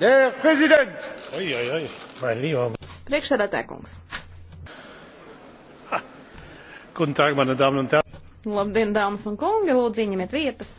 Der Präsident! Uiuiui, mein lieber. Priekšsēdētāj kungs. Guten Tag, meine Damen und Herren. Labdien, dāmas un kungi, lūdzu, ņemiet vietas.